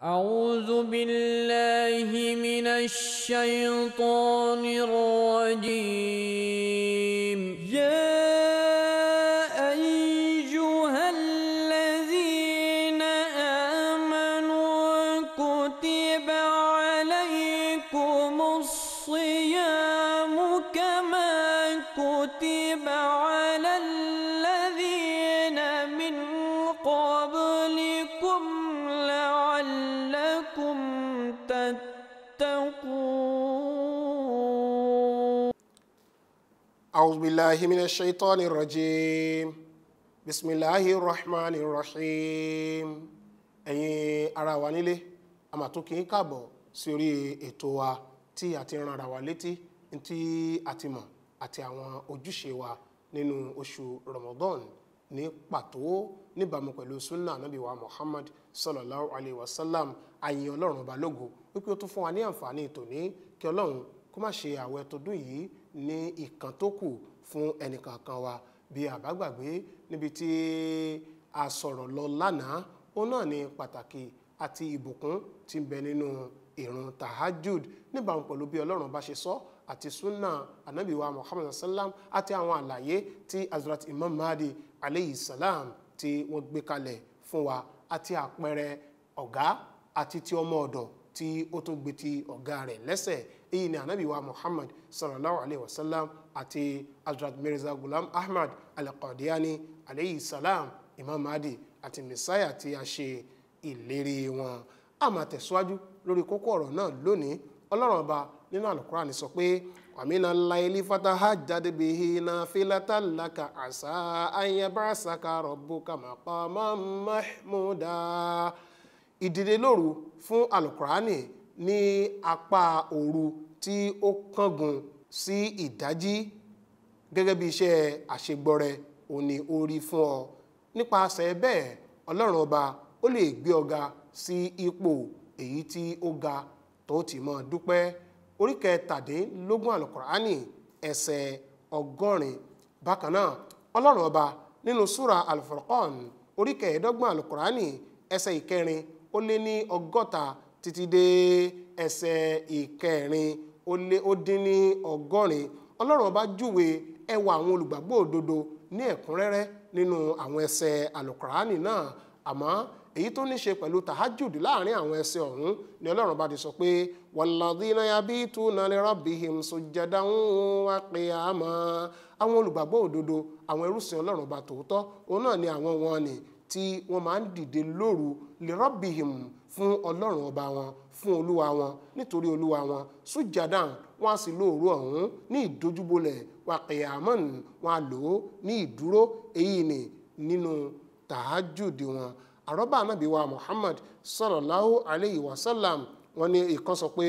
أعوذ بالله من الشيطان الرجيم يا أيها الذين آمنوا كتب عليكم الصيام كما كتب على أعوذ بالله من الشيطان الرجيم بسم الله الرحمن الرحيم أي ara wa أما a máa سوري kí تي káàbọ̀ sí orí ètò wa tí a ti ran ara wa létí tí a ti mọ̀ àti àwọn ojúṣe wa nínú oṣù Ramadan ní pàtó níbàámu pẹ̀lú sunna anabi wa Muhammad sallallahu alayhi wa sallam àyìn ọlọ́run ọba lógo wípé ó tún fún wa ní àǹfààní tòní kí ọlọ́run kó má ṣe àwẹ̀ tọdún yìí ní ìkan tó kù fún ẹnìkankan wa bí a bá níbi tí a sọ̀rọ̀ lọ lánàá òun náà ni pàtàkì àti ìbùkún tí ń bẹ nínú ìrun tahajud níbàámu pẹ̀lú bí ọlọ́run bá ṣe sọ àti sunna anabiwa muhammad sallam àti àwọn àlàyé tí azrat imam mahdi aleyhi salam tí wọ́n gbé kalẹ̀ fún wa àti àpẹẹrẹ ọ̀gá àti ti ọmọ ọ̀dọ̀ tí ó tún gbé ti ọ̀gá rẹ̀ lẹ́sẹ̀ èyí ni anabi wa muhammad sallallahu alaihi wasallam sallam àti hazrat mirza gulam ahmad al-qadiani alayhi salam imam mahdi àti messiah tí a ṣe ìlérí wọn a máa tẹ̀síwájú lórí kókó ọ̀rọ̀ náà lónìí ọlọ́run ọba nínú àlùkùrá ni sọ pé wàmínà láìlí fatahajjade bihi nafilata laka àṣà ayẹbàṣàkà rabbuka maqaman mahmuda ìdìde lóru fún alukurani ní apá òru tí ó kángun sí ìdájí gẹ́gẹ́ bí iṣẹ́ àṣegbọrẹ òní orí fún ọ nípasẹ̀ bẹ́ẹ̀ ọlọ́run ọba ó lè gbé ọga sí ipò èyí tí ó ga tó ti mọ́ dúpẹ́ orí kẹtàdínlógún alukurani ẹsẹ̀ ọgọ́rin bákan náà ọlọ́run ọba nínú súra alfurqan orí kẹẹ̀ẹ́dọ́gbọ̀n alukurani ẹsẹ̀ ìkẹrin ó lé ní ọgọ́ta títí dé ẹsẹ̀ ìkẹrin ó lé ó dín ní ọgọ́rin ọlọ́run ọba júwe ẹwà àwọn olùgbàgbọ́ òdodo ní ẹ̀kúnrẹ́rẹ́ nínú àwọn ẹsẹ̀ àlùkùránì náà àmọ́ èyí tó ní ṣe pẹ̀lú tahajud láàrin àwọn ẹsẹ̀ ọ̀hún ni ọlọ́run bá ti sọ pé walladhina yabituna lirabbihim sujjadan wa qiyama àwọn olùgbàgbọ́ òdodo àwọn ẹrúsìn ọlọ́run bá tòótọ́ òun náà ni àwọn wọn ni tí wọ́n máa ń dìde lóru lirọ́bìhìm fún ọlọ́run ọba wọn fún olúwa wọn nítorí olúwa wọn sùjàdàn wọn a sì lo òru ọ̀hún ní ìdojúbolẹ̀ wà kìyàmọ́n wọn a lò ó ní ìdúró èyí ni nínú tàájùdì wọn àrọ́bà anábì wa muhammad sallallahu alayhi wa sallam wọn ni ìkan sọ pé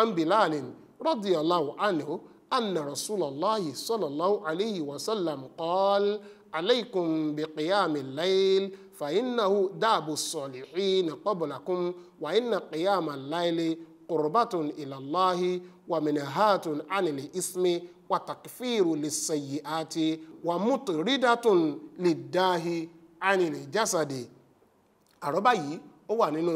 ambilalin radiyallahu anhu anna rasulallahi sallallahu alayhi wa sallam qala alaykum biqiyamil layl fàyínnahu dáàbò sọ̀lìhìn qablakum wà inna qiyama láìlè qurbatun ilallahi wà mìnàhàtun anil ismi wà takfiru lisayyiati wà mutridatun liddahi anil jasadi àrọ́bá yìí ó wà nínú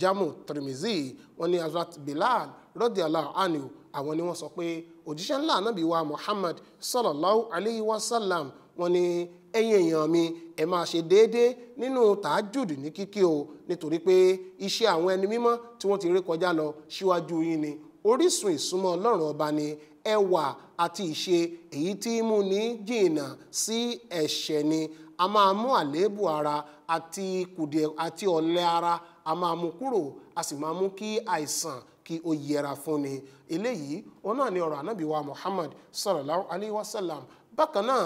jamu tirimizi wọn ni azrat bilal radiyallahu anhu àwọn ni wọ́n sọ pé òjíṣẹ́ ńlá anábìwá muhammad sallallahu alayhi wa sallam wọ́n ní ẹ̀yin èèyàn mi ẹ máa ṣe déédéé nínú tàájùdù ní kíkí o nítorí pé iṣẹ́ àwọn ẹni mímọ́ tí wọ́n ti rí kọjá lọ síwájú yín ni orísun ìsúnmọ́ ọlọ́run ọba ni ẹwà àti ìṣe èyí tí mú ní jìnnà sí ẹ̀ṣẹ̀ ni a máa mú àléébù ara àti kùdìẹ àti ọ̀lẹ ara a máa mú kúrò a sì máa mú kí àìsàn kí ó yẹra fún ni eléyìí òun náà ni ọ̀rọ̀ ànábì wa Muhammad sallallahu alayhi wa sallam bákan náà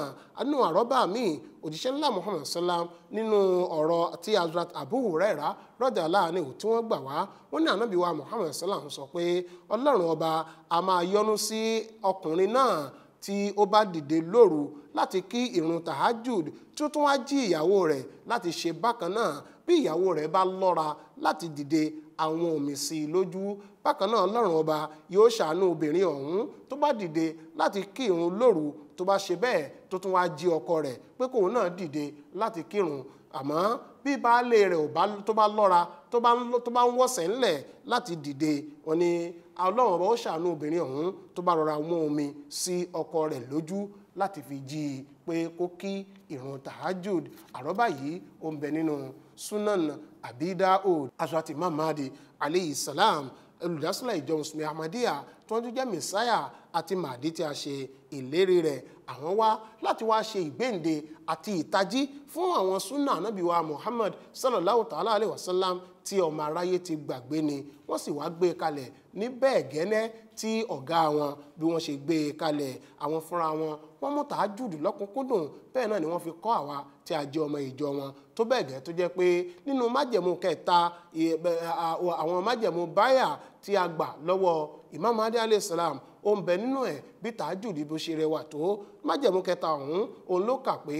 nínú àrọ́bà míì òjíṣẹ́ ńlá muhammad sallam nínú ọ̀rọ̀ tí azrat abu huraira rọ́jà láàánú tí wọ́n gbà wá wọ́n ní ànábì wa muhammad sallam sọ pé ọlọ́run ọba a máa yọ́nú sí ọkùnrin náà tí ó bá dìde lóru láti kí ìrun tahajud tí ó tún wá jí ìyàwó rẹ̀ láti ṣe bákan náà bí ìyàwó rẹ̀ bá lọ́ra láti dìde àwọn òmì sí i lójú bákan náà ọlọ́run ọba yóò ṣàánú obìnrin ọ̀hún tó bá dìde láti kí ìrun lóru tó bá ṣe bẹ́ẹ̀ tó tún wá jí ọkọ rẹ̀ pé kóun náà dìde láti kírun àmọ́ bí baálé rẹ̀ tó bá lọ́ra tó bá ń wọ̀sẹ̀ ńlẹ̀ láti dìde wọn ni ọlọ́run ọba ó ṣàánú obìnrin ọ̀hún tó bá rọra mú omi sí ọkọ rẹ̀ lójú láti fi jí i pé kó kí ìrun tahajud àrọ́bà yìí ó ń bẹ nínú sunan abi daud aṣọ àti mamadi aleyhi salam olùdásílẹ̀ ìjọ mùsùlùmí ahmadiyya tí wọ́n tún jẹ́ mẹ̀sáyà àti màdí tí a ṣe ìlérí rẹ̀ àwọn wá láti wá ṣe ìgbéǹde àti ìtají fún àwọn súnà ànábì Muhammad sallallahu ta'ala alayhi wa sallam tí ọmọ aráyé ti gbàgbé ni wọ́n sì wá gbé e kalẹ̀ ní bẹ́ẹ̀ gẹ́nẹ́ tí ọ̀gá wọn bí wọ́n ṣe gbé e kalẹ̀ àwọn fúnra wọn wọ́n mú tàájùdù lọ́kùnkúndùn bẹ́ẹ̀ náà ni wọ́n fi kọ́ àwa tí a jẹ́ ọmọ ìjọ wọn tó bẹ́ẹ̀ gẹ́ tó jẹ́ pé nínú májẹ̀mú kẹta àwọn májẹ̀mú báyà tí a gbà lọ́wọ́ Imam Mahdi alayhi salam ó ń bẹ nínú ẹ̀ bí tàájùdù bó ṣe rẹwà tó májẹ̀mú kẹta ọ̀hún òun ló kà pé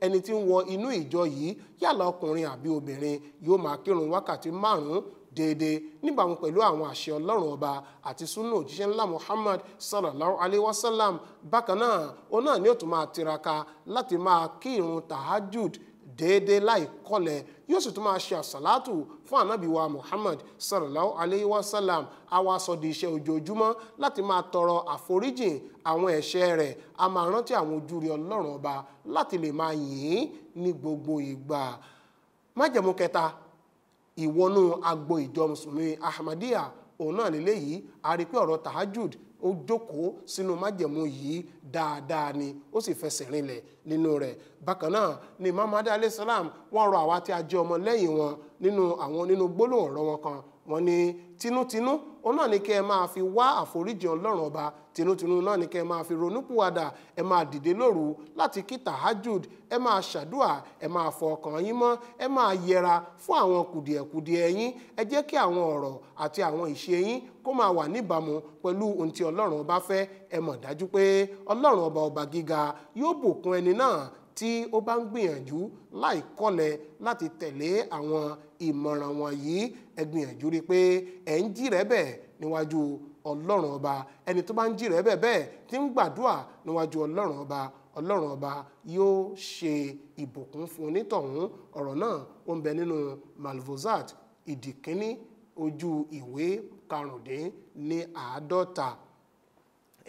ẹni tí ń wọ inú ìjọ yìí yálà ọkùnrin àbí obìnrin yóò máa kírun wákàtí márùn-ún déédéé níbàámu pẹ̀lú àwọn àṣẹ ọlọ́run ọba àti súnú òjíṣẹ́ ńlá muhammad sallallahu alayhi wa sallam bákan náà òun náà ni ó tún máa tiraka láti máa kí tahajud déédéé láì kọlẹ̀ yóò sì tún máa ṣe àsàlátù fún ànábì muhammad sallallahu alayhi wa sallam a wá sọ di iṣẹ́ ojoojúmọ́ láti máa tọrọ àforíjìn àwọn ẹ̀ṣẹ̀ rẹ̀ a máa rántí àwọn ojúre ọlọ́run ọba láti lè máa yìn ní gbogbo ìgbà májẹ̀mú kẹta ìwọnú agbo ìjọ mùsùlùmí ahmadiyya òun náà lélẹ́yìí a ọ̀rọ̀ tahajud ó jókòó sínú májẹ̀mú yìí dáadáa ni ó sì fẹsẹ̀ rinlẹ̀ nínú rẹ̀ bákan náà ni muhammadu alayhi salam wọ́n rọ àwa tí a jẹ́ ọmọ lẹ́yìn wọn nínú àwọn nínú gbólóhùn ọ̀rọ̀ wọn kan wọ́n ní tinútinú òun náà ni kẹ́ ẹ máa fi wá àforíjì ọlọ́run ọba tinútinú náà ni kẹ́ ẹ máa fi ronúpìwàdà ẹ máa dìde lóru láti kí tahajud ẹ máa ṣàdúà ẹ máa fọ ọkàn yín mọ́ ẹ máa yẹra fún àwọn kùdìẹ̀kùdìẹ̀ yín ẹ jẹ́ kí àwọn ọ̀rọ̀ àti àwọn ìṣe yín kó máa wà níbàámu pẹ̀lú ohun tí ọlọ́run ọba fẹ́ ẹ mọ̀ dájú pé ọlọ́run ọba ọba gíga yóò bùkún ẹni náà tí ó bá ń gbìyànjú láìkọlẹ̀ láti tẹ̀lé àwọn ìmọ̀ràn wọ̀nyí ẹ gbìyànjú rí i pé ẹ̀ ń jírẹ́bẹ̀ níwájú ọlọ́run ọba ẹni tó bá ń jírẹ́bẹ̀ bẹ́ẹ̀ tí ń gbàdúà níwájú ọlọ́run ọba ọlọ́run ọba yóò ṣe ìbùkún fún onítọ̀hún ọ̀rọ̀ náà ó ń bẹ nínú malvozat ìdìkíní ojú ìwé karùndín àádọ́ta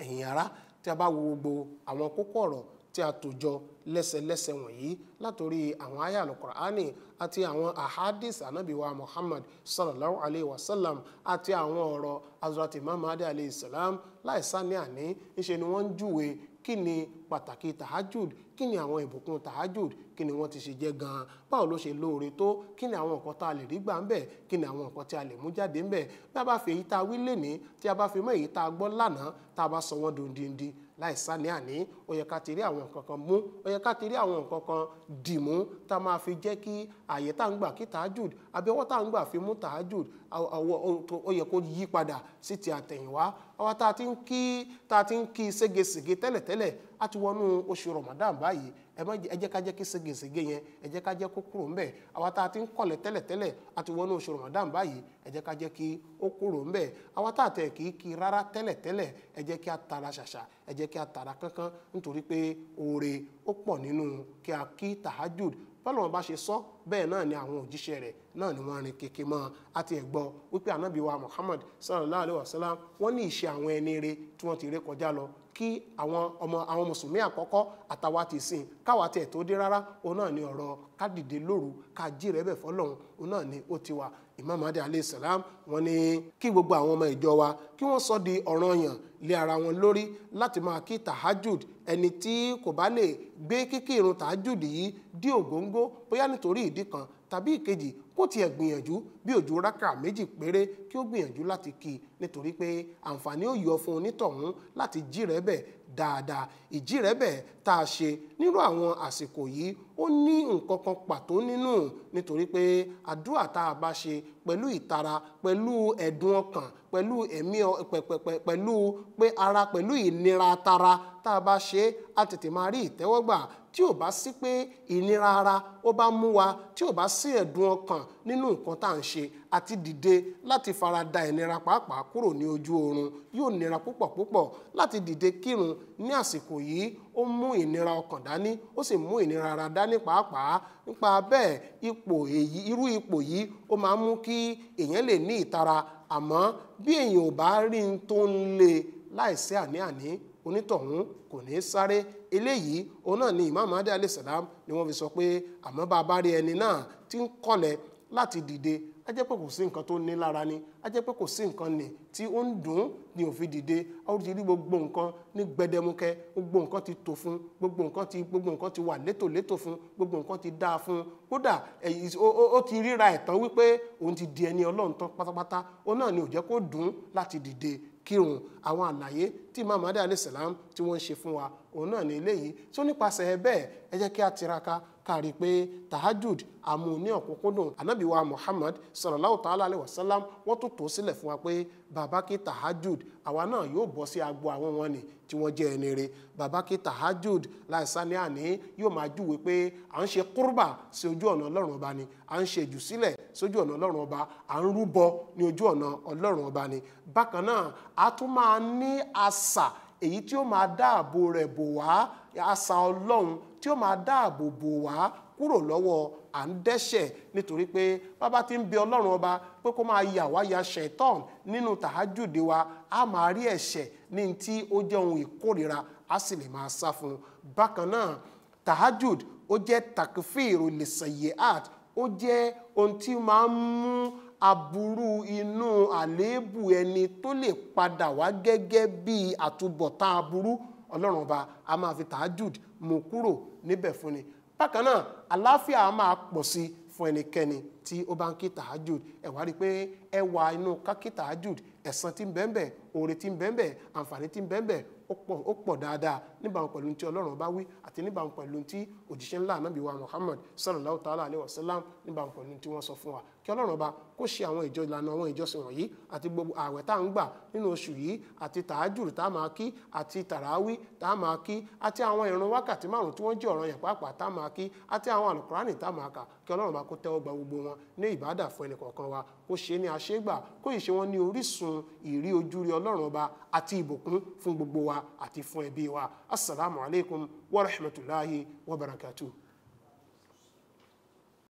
ẹ̀yin ará tí a bá wo gbogbo àwọn kókó ọ̀rọ̀ tí a tò jọ lẹ́sẹlẹ́sẹ wọ̀nyí látòrí àwọn àyà alukur'ani àti àwọn ahadis anabiwa muhammad sallallahu alayhi wa sallam àti àwọn ọ̀rọ̀ azrat imam adi alayhi salam láìsá ní àní ńṣe ni wọ́n ń júwe kí ni pàtàkì tahajud kí ni àwọn ìbùkún tahajud kí ni wọ́n ti ṣe jẹ́ gan-an báwo ló ṣe lóore tó kí ni àwọn nǹkan tá a lè rí gbà ń bẹ̀ kí ni àwọn nǹkan tí a lè mú jáde ń bẹ̀ bí a bá fi èyí tá a wí lénìí tí a bá fi mọ́ èyí tá a gbọ́ lánàá tá a bá sọ wọ́n dundindin láìsá ní àní ó yẹ ká ti rí àwọn nǹkan kan mú ó yẹ ká ti rí àwọn nǹkan kan dì mú tá a máa fi jẹ́ kí àyè tá à ń gbà kí tàájùd abẹ́wọ́ tá à ń gbà fi mú tàájùd ó yẹ kó yí padà sí ti àtẹ̀yìnwá àwa tá a ti ń kí tá a ti ń kí ségesège tẹ́lẹ̀tẹ́lẹ̀ á ti wọnú oṣù Ramadan báyìí ẹ má ẹ jẹ́ ká jẹ́ kí ségesège yẹn ẹ jẹ́ ká jẹ́ kó kúrò ńbẹ̀ àwa tá a ti ń kọ̀lẹ̀ tẹ́lẹ̀tẹ́lẹ̀ a ti wọnú oṣù Ramadan báyìí ẹ a tara ṣàṣà ẹ kí a tara kankan nítorí pé oore ó nínú kí a kí tahajud ṣe sọ bẹ́ẹ̀ náà ni àwọn òjíṣẹ́ rẹ̀ náà ni wọ́n rin kèké mọ́ àti ẹ̀gbọ́ wípé ànábì Muhammad sallallahu alaihi wa sallam wọ́n ní ìṣe àwọn ẹni rẹ̀ tí wọ́n ti ré kọjá lọ kí àwọn ọmọ àwọn mùsùlùmí àkọ́kọ́ àtàwa ti sìn káwa tiẹ̀ tó dé rárá òun náà ni ọ̀rọ̀ ká dìde lóru ká jí rẹ̀ bẹ̀ fọlọ́run òun náà ni ó ti wà Imam alayhi salam wọ́n ní kí gbogbo àwọn ọmọ ìjọ wa kí wọ́n sọ di ọ̀ranyàn lé ara wọn lórí láti máa kí tahajud ẹni tí kò bá lè gbé kíkí irun tahajud yìí dí ògóńgó bóyá nítorí ìdí kan tàbí ìkejì kó tiẹ̀ gbìyànjú bí òjò rákà méjì péré kí ó gbìyànjú láti kí i nítorí pé àǹfààní ó yọ fún onítọ̀hún láti jí rẹ̀ bẹ̀ dáadáa ìjí rẹ̀ bẹ̀ tá a ṣe nírú àwọn àsìkò yìí ó ní nǹkan kan pàtó nínú nítorí pé àdúrà tá a bá ṣe pẹ̀lú ìtara pẹ̀lú ẹ̀dùn ọkàn pẹ̀lú ẹ̀mí pẹ̀lú pé ara pẹ̀lú ìnira tara tá a bá ṣe á tètè máa rí ìtẹ́wọ́gbà tí ò bá sí pé ìnira ara ó bá mú wa tí ò bá sí ẹ̀dùn ọkàn nínú nǹkan tá à ń ṣe àti dìde láti fara da ìnira pàápàá kúrò ní ojú oorun yóò nira púpọ̀ púpọ̀ láti dìde kírun ní àsìkò yìí ó mú ìnira ọkàn dání ó sì mú ìnira ara dání pàápàá nípa bẹ́ẹ̀ ipò èyí irú ipò yìí ó máa ń mú kí èèyàn lè ní ìtara àmọ́ bí èèyàn ò bá rí n tó ń le láìsí àní-àní onítọ̀hún kò ní sáré eléyìí òun náà ni Imam Mahdi alayhi ni wọ́n fi sọ pé àmọ́ bá a bá rí ẹni náà tí ń láti dìde a jẹ́ pé kò sí nǹkan tó ní lára ni a jẹ́ pé kò sí nǹkan nì tí ó ń dùn ní òfin dìde a ó ti rí gbogbo nǹkan ní gbẹdẹmukẹ gbogbo nǹkan ti tò fún gbogbo nǹkan ti gbogbo nǹkan ti wà létòlétò fún gbogbo nǹkan ti dáa fún kódà ó ti ríra ẹ̀tàn wípé òun ti di ẹni ọlọ́run tán pátápátá òun náà ni ò jẹ́ kó dùn láti dìde kírun àwọn àlàyé tí imam adé alayhi salam tí wọ́n ń ṣe fún wa òun náà ni eléyìí tó nípasẹ̀ bẹ́ẹ̀ ẹ jẹ́ kí a tiraka kárí pé tahajud àmú ní ọ̀kúnkúndùn ànábì Muhammad sallallahu ta'ala alayhi wa sallam wọ́n tún tó sílẹ̀ fún wa pé bàbá tahajud àwa náà yóò bọ́ sí agbo àwọn wọn ni tí wọ́n jẹ́ ẹni rere bàbá kí tahajud láìsá ní àní yóò máa júwe pé à ń ṣe kúrbà sí ojú ọ̀nà ọlọ́run ọba ni à ń ṣe jù sílẹ̀ sójú ọ̀nà ọlọ́run ọba à ń rúbọ ní ojú ọ̀nà ọlọ́run ọba ni bákan náà a tún máa ní àṣà èyí tí ó máa dáàbò rẹ̀ bò wá àṣà ọlọ́run tí ó máa dáàbò bò wá kúrò lọ́wọ́ à ń dẹ́ṣẹ̀ nítorí pé bàbá ti ń bi ọlọ́run ọba pé kó máa yà wá ya ṣẹ̀tọ́n nínú tàájùde wa a máa rí ẹ̀ṣẹ̀ ní tí ó jẹ́ ohun ìkórira a sì lè máa sá fún un bákan náà tàájùd ó takfir art ó jẹ́ ohun tí máa ń mú aburú inú àléébù ẹni tó lè padà wá gẹ́gẹ́ bí àtúbọ̀tán aburú ọlọ́run ọba a máa fi tàájùd mú kúrò níbẹ̀ fún ni bákan náà àlàáfíà a máa pọ̀ sí fún ẹnikẹ́ni tí ó bá ń kí tàájùd ẹ wá rí i pé ẹwà inú kákí tàájùd ẹ̀san tí ń bẹ́ẹ̀ oore tí ń bẹ́ẹ̀ àǹfààní tí ń bẹ́ẹ̀ ó pọ̀ dáadáa níbàámu pẹ̀lú tí ọlọ́run bá wí àti níbàámu pẹ̀lú tí òjíṣẹ́ ńlá ànábì wa Muhammad sallallahu ta'ala alayhi wa sallam níbàámu pẹ̀lú tí wọ́n sọ fún wa kí ọlọ́run bá kó ṣe àwọn ìjọ ìlànà àwọn ìjọsìn wọ̀nyí àti gbogbo ààwẹ̀ tá à ń gbà nínú oṣù yìí àti tàájùrù tá a máa kí àti tàràwí tá a máa kí àti àwọn ìrun wákàtí márùn tí wọ́n jẹ́ ọ̀ranyàn pàápàá tá a máa kí àti àwọn àlùkùránì tá a máa kà kí ọlọ́run bá kó tẹ́wọ́ gba gbogbo wọn ní ìbádà fún ẹnìkọ̀ọ̀kan wa kó ṣe ní àṣegbà kó ìṣe wọn ní orísun ìrí ojú ọlọ́run ọba àti ìbùkún fún gbogbo wa àti fún ẹbí wa assalamu wa rahmatulahi wa barakatuh